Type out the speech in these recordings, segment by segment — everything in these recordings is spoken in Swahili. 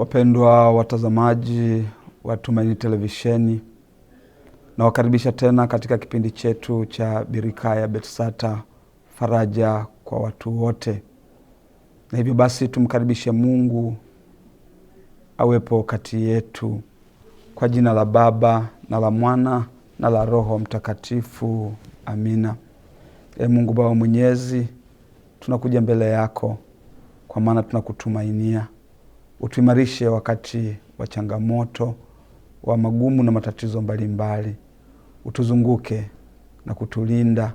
Wapendwa watazamaji wa Tumaini Televisheni, nawakaribisha tena katika kipindi chetu cha Birika ya Betsata, faraja kwa watu wote. Na hivyo basi tumkaribishe Mungu awepo kati yetu, kwa jina la Baba na la Mwana na la Roho Mtakatifu, amina. E Mungu Baba Mwenyezi, tunakuja mbele yako, kwa maana tunakutumainia utuimarishe wakati wa changamoto, wa magumu na matatizo mbalimbali mbali. Utuzunguke na kutulinda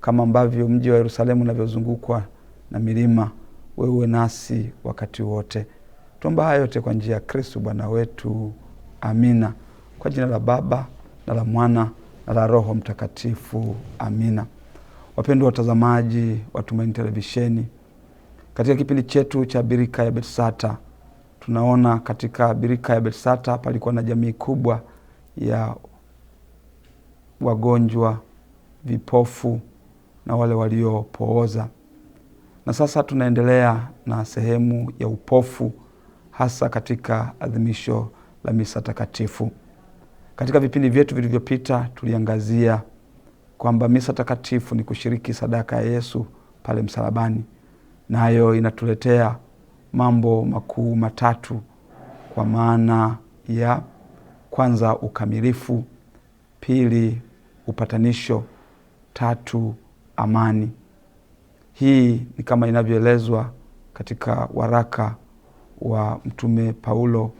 kama ambavyo mji wa Yerusalemu unavyozungukwa na milima, wewe nasi wakati wote. Tuomba haya yote kwa njia ya Kristu Bwana wetu, amina. Kwa jina la Baba na la Mwana na la Roho Mtakatifu, amina. Wapendwa watazamaji wa Tumaini Televisheni, katika kipindi chetu cha birika ya Betsata tunaona katika birika ya betsata palikuwa na jamii kubwa ya wagonjwa, vipofu na wale waliopooza. Na sasa tunaendelea na sehemu ya upofu hasa katika adhimisho la misa takatifu. Katika vipindi vyetu vilivyopita tuliangazia kwamba misa takatifu ni kushiriki sadaka ya Yesu pale msalabani, nayo na inatuletea mambo makuu matatu kwa maana ya kwanza, ukamilifu; pili, upatanisho; tatu, amani. Hii ni kama inavyoelezwa katika waraka wa Mtume Paulo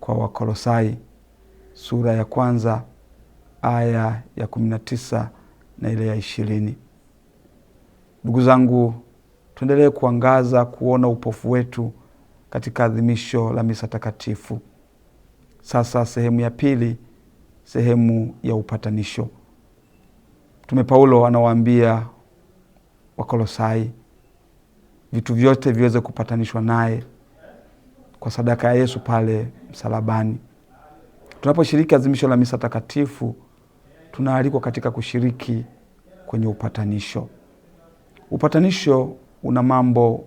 kwa Wakolosai sura ya kwanza aya ya kumi na tisa na ile ya ishirini. Ndugu zangu tuendelee kuangaza kuona upofu wetu katika adhimisho la misa takatifu. Sasa sehemu ya pili, sehemu ya upatanisho. Mtume Paulo anawaambia Wakolosai vitu vyote viweze kupatanishwa naye kwa sadaka ya Yesu pale msalabani. Tunaposhiriki adhimisho la misa takatifu, tunaalikwa katika kushiriki kwenye upatanisho. Upatanisho una mambo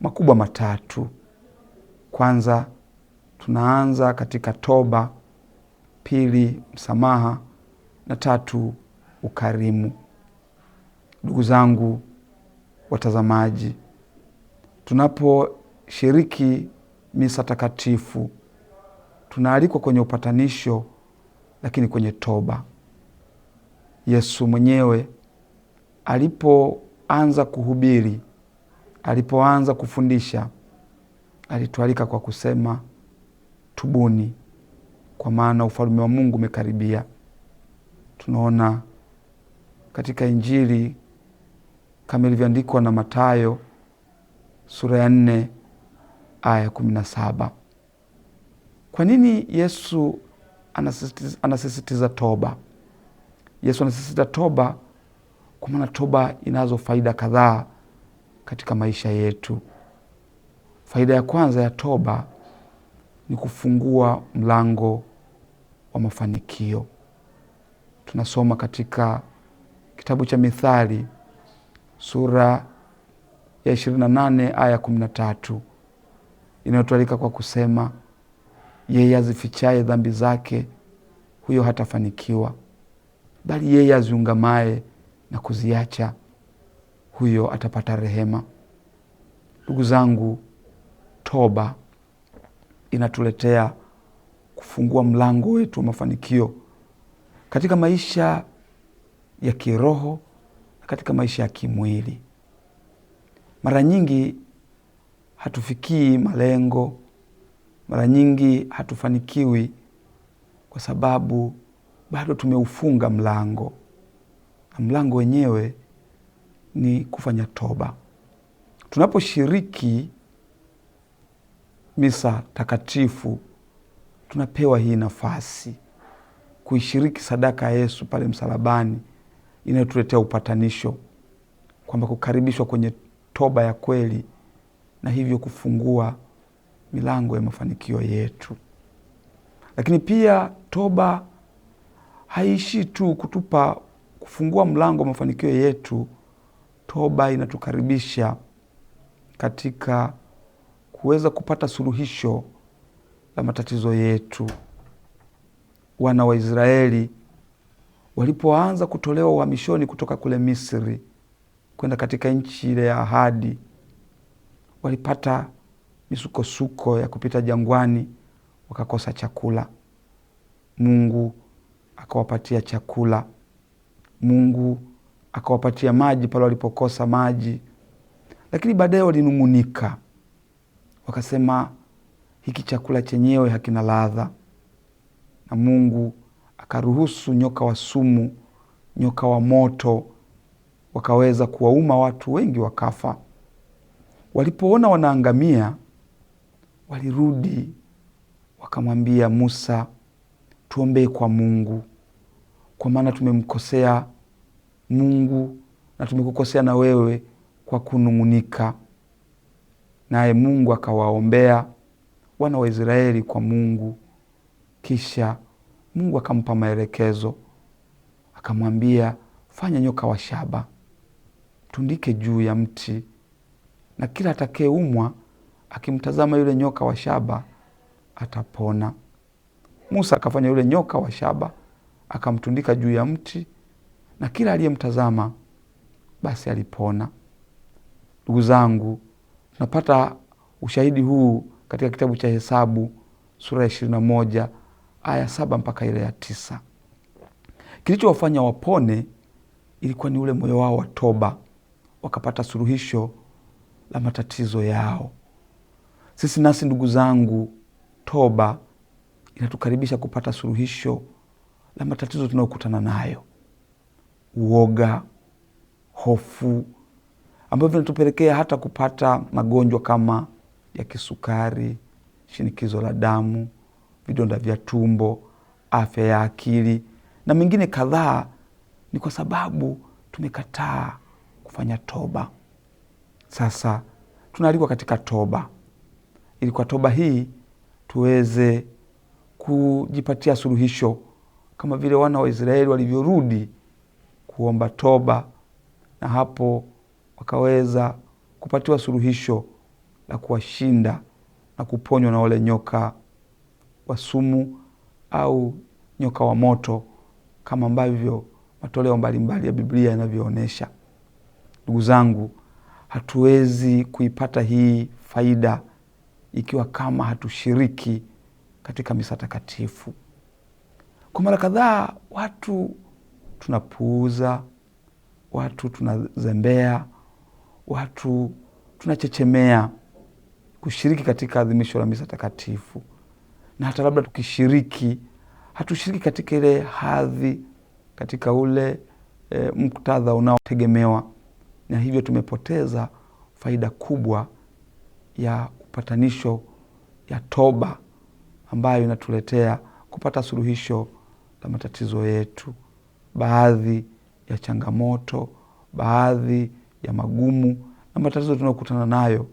makubwa matatu. Kwanza tunaanza katika toba, pili msamaha, na tatu ukarimu. Ndugu zangu watazamaji, tunaposhiriki misa takatifu tunaalikwa kwenye upatanisho, lakini kwenye toba. Yesu mwenyewe alipoanza kuhubiri Alipoanza kufundisha alitualika kwa kusema, tubuni kwa maana ufalme wa Mungu umekaribia. Tunaona katika Injili kama ilivyoandikwa na Mathayo sura ya nne aya ya kumi na saba. Kwa nini Yesu anasisitiza, anasisitiza toba? Yesu anasisitiza toba kwa maana toba inazo faida kadhaa katika maisha yetu. Faida ya kwanza ya toba ni kufungua mlango wa mafanikio. Tunasoma katika kitabu cha Mithali sura ya 28 aya 13 inayotualika kwa kusema, yeye azifichaye dhambi zake huyo hatafanikiwa, bali yeye aziungamaye na kuziacha huyo atapata rehema. Ndugu zangu, toba inatuletea kufungua mlango wetu wa mafanikio katika maisha ya kiroho na katika maisha ya kimwili. Mara nyingi hatufikii malengo, mara nyingi hatufanikiwi kwa sababu bado tumeufunga mlango, na mlango wenyewe ni kufanya toba. Tunaposhiriki misa takatifu, tunapewa hii nafasi kuishiriki sadaka ya Yesu pale msalabani inayotuletea upatanisho, kwamba kukaribishwa kwenye toba ya kweli na hivyo kufungua milango ya mafanikio yetu. Lakini pia toba haiishii tu kutupa kufungua mlango wa mafanikio yetu, toba inatukaribisha katika kuweza kupata suluhisho la matatizo yetu. Wana wa Israeli walipoanza kutolewa uhamishoni kutoka kule Misri kwenda katika nchi ile ya ahadi, walipata misukosuko ya kupita jangwani, wakakosa chakula. Mungu akawapatia chakula. Mungu akawapatia maji pale walipokosa maji, lakini baadaye walinung'unika, wakasema hiki chakula chenyewe hakina ladha, na Mungu akaruhusu nyoka wa sumu, nyoka wa moto wakaweza kuwauma watu wengi, wakafa. Walipoona wanaangamia, walirudi wakamwambia Musa, tuombee kwa Mungu, kwa maana tumemkosea Mungu na tumekukosea na wewe kwa kunung'unika. Naye Mungu akawaombea wana wa Israeli kwa Mungu, kisha Mungu akampa maelekezo, akamwambia fanya nyoka wa shaba, tundike juu ya mti, na kila atakayeumwa akimtazama yule nyoka wa shaba atapona. Musa akafanya yule nyoka wa shaba, akamtundika juu ya mti na kila aliyemtazama basi alipona. Ndugu zangu, tunapata ushahidi huu katika kitabu cha Hesabu sura ya ishirini na moja aya saba mpaka ile ya tisa. Kilichowafanya wapone ilikuwa ni ule moyo wao wa toba, wakapata suluhisho la matatizo yao. Sisi nasi ndugu zangu, toba inatukaribisha kupata suluhisho la matatizo tunayokutana nayo uoga, hofu ambavyo vinatupelekea hata kupata magonjwa kama ya kisukari, shinikizo la damu, vidonda vya tumbo, afya ya akili na mengine kadhaa, ni kwa sababu tumekataa kufanya toba. Sasa tunaalikwa katika toba, ili kwa toba hii tuweze kujipatia suluhisho, kama vile wana wa Israeli walivyorudi kuomba toba, na hapo wakaweza kupatiwa suluhisho la kuwashinda na kuponywa na wale nyoka wa sumu au nyoka wa moto kama ambavyo matoleo mbalimbali ya Biblia yanavyoonyesha. Ndugu zangu, hatuwezi kuipata hii faida ikiwa kama hatushiriki katika misa takatifu. Kwa mara kadhaa watu tunapuuza watu, tunazembea watu, tunachechemea kushiriki katika adhimisho la misa takatifu, na hata labda tukishiriki hatushiriki katika ile hadhi, katika ule e, muktadha unaotegemewa, na hivyo tumepoteza faida kubwa ya upatanisho, ya toba ambayo inatuletea kupata suluhisho la matatizo yetu baadhi ya changamoto, baadhi ya magumu na matatizo tunayokutana nayo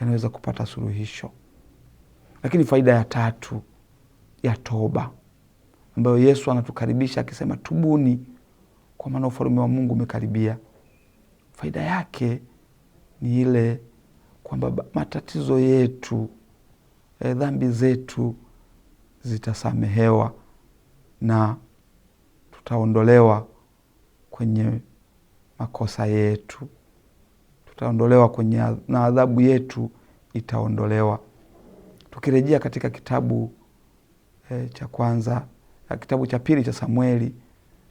yanaweza kupata suluhisho. Lakini faida ya tatu ya toba ambayo Yesu anatukaribisha akisema, tubuni kwa maana ufalme wa Mungu umekaribia. Faida yake ni ile kwamba matatizo yetu, eh, dhambi zetu zitasamehewa na tutaondolewa kwenye makosa yetu, tutaondolewa kwenye na adhabu yetu itaondolewa. Tukirejea katika kitabu e, cha kwanza eh, kitabu cha pili cha Samueli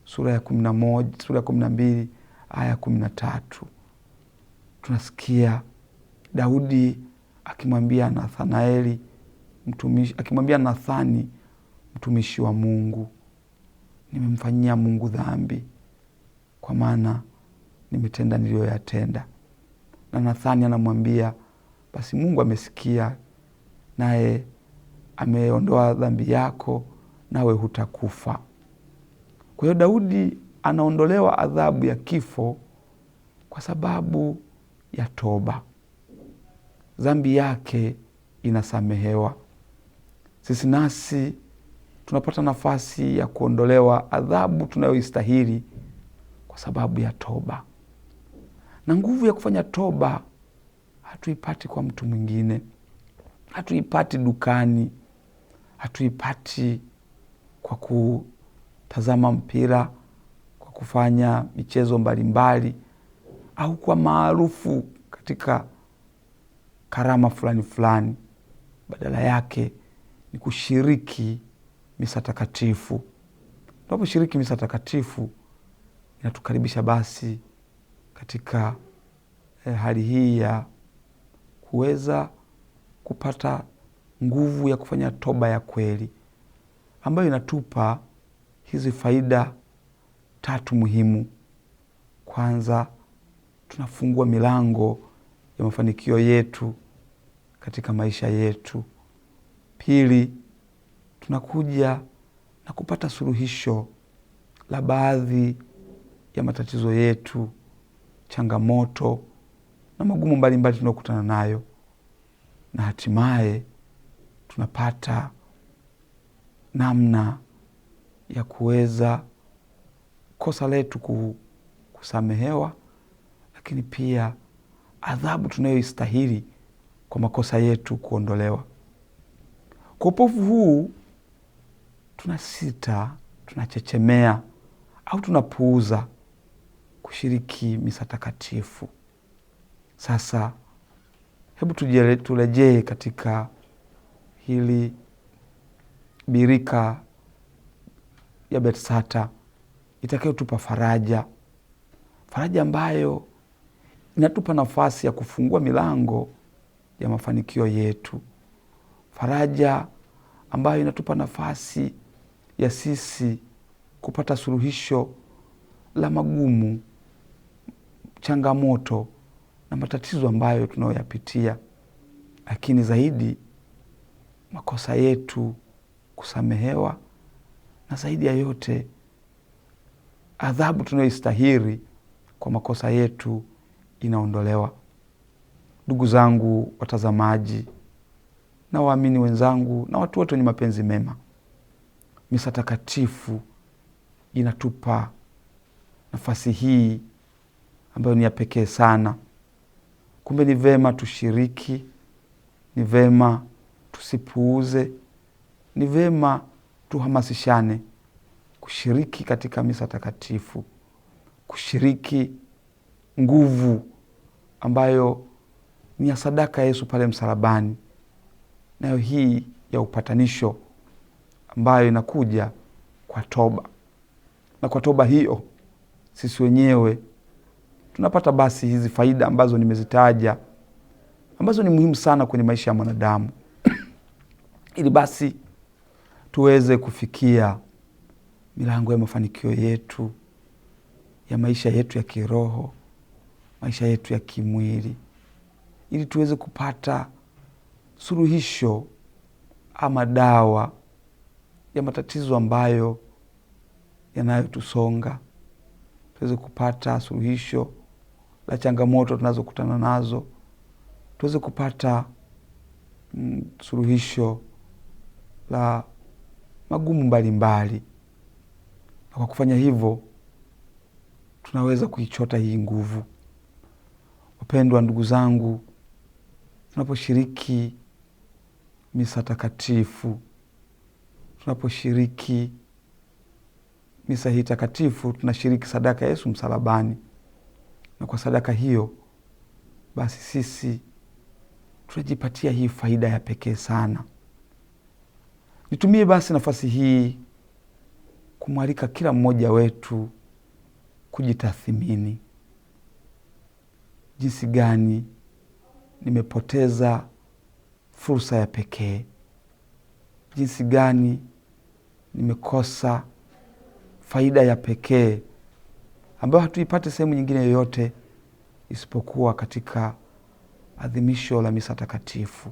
sura ya kumi na moja sura ya kumi na mbili aya ya kumi na tatu tunasikia Daudi akimwambia Nathanaeli mtumishi, akimwambia Nathani mtumishi wa Mungu nimemfanyia Mungu dhambi, kwa maana nimetenda niliyoyatenda. Na Nathani anamwambia basi, Mungu amesikia naye ameondoa dhambi yako, nawe hutakufa. Kwa hiyo Daudi anaondolewa adhabu ya kifo kwa sababu ya toba, dhambi yake inasamehewa. Sisi nasi tunapata nafasi ya kuondolewa adhabu tunayoistahili kwa sababu ya toba, na nguvu ya kufanya toba hatuipati kwa mtu mwingine, hatuipati dukani, hatuipati kwa kutazama mpira, kwa kufanya michezo mbalimbali, au kwa maarufu katika karama fulani fulani. Badala yake ni kushiriki misa takatifu. Tunaposhiriki misa takatifu inatukaribisha basi katika eh, hali hii ya kuweza kupata nguvu ya kufanya toba ya kweli ambayo inatupa hizi faida tatu muhimu. Kwanza, tunafungua milango ya mafanikio yetu katika maisha yetu. Pili, tunakuja na kupata suluhisho la baadhi ya matatizo yetu, changamoto na magumu mbalimbali tunayokutana nayo, na hatimaye tunapata namna ya kuweza kosa letu kusamehewa, lakini pia adhabu tunayoistahili kwa makosa yetu kuondolewa. Kwa upofu huu tunasita, tunachechemea au tunapuuza kushiriki misa takatifu. Sasa hebu turejee katika hili birika ya Betsata itakayotupa faraja, faraja ambayo inatupa nafasi ya kufungua milango ya mafanikio yetu, faraja ambayo inatupa nafasi ya sisi kupata suluhisho la magumu, changamoto na matatizo ambayo tunayoyapitia, lakini zaidi makosa yetu kusamehewa, na zaidi ya yote adhabu tunayoistahiri kwa makosa yetu inaondolewa. Ndugu zangu watazamaji na waamini wenzangu na watu wote wenye mapenzi mema, misa takatifu inatupa nafasi hii ambayo ni ya pekee sana. Kumbe ni vema tushiriki, ni vema tusipuuze, ni vema tuhamasishane kushiriki katika misa takatifu, kushiriki nguvu ambayo ni ya sadaka ya Yesu pale msalabani, nayo hii ya upatanisho ambayo inakuja kwa toba, na kwa toba hiyo sisi wenyewe tunapata basi hizi faida ambazo nimezitaja ambazo ni muhimu sana kwenye maisha ya mwanadamu ili basi tuweze kufikia milango ya mafanikio yetu ya maisha yetu ya kiroho, maisha yetu ya kimwili, ili tuweze kupata suluhisho ama dawa ya matatizo ambayo yanayotusonga, tuweze kupata suluhisho la changamoto tunazokutana nazo, tuweze kupata mm, suluhisho la magumu mbalimbali, na kwa kufanya hivyo tunaweza kuichota hii nguvu. Wapendwa ndugu zangu, tunaposhiriki misa takatifu tunaposhiriki misa hii takatifu, tunashiriki sadaka ya Yesu msalabani, na kwa sadaka hiyo basi sisi tunajipatia hii faida ya pekee sana. Nitumie basi nafasi hii kumwalika kila mmoja wetu kujitathimini, jinsi gani nimepoteza fursa ya pekee, jinsi gani nimekosa faida ya pekee ambayo hatuipate sehemu nyingine yoyote isipokuwa katika adhimisho la misa takatifu.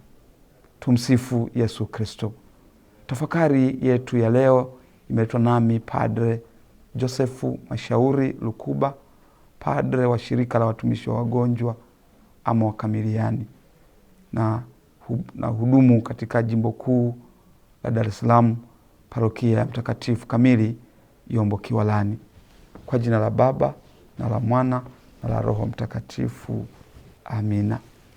Tumsifu Yesu Kristo. Tafakari yetu ya leo imeletwa nami Padre Josefu Mashauri Lukuba, padre wa shirika la watumishi wa wagonjwa ama wakamiliani na hudumu katika jimbo kuu la Dar es Salaam parokia ya Mtakatifu Kamili Yombo Kiwalani. Kwa jina la Baba na la Mwana na la Roho Mtakatifu. Amina.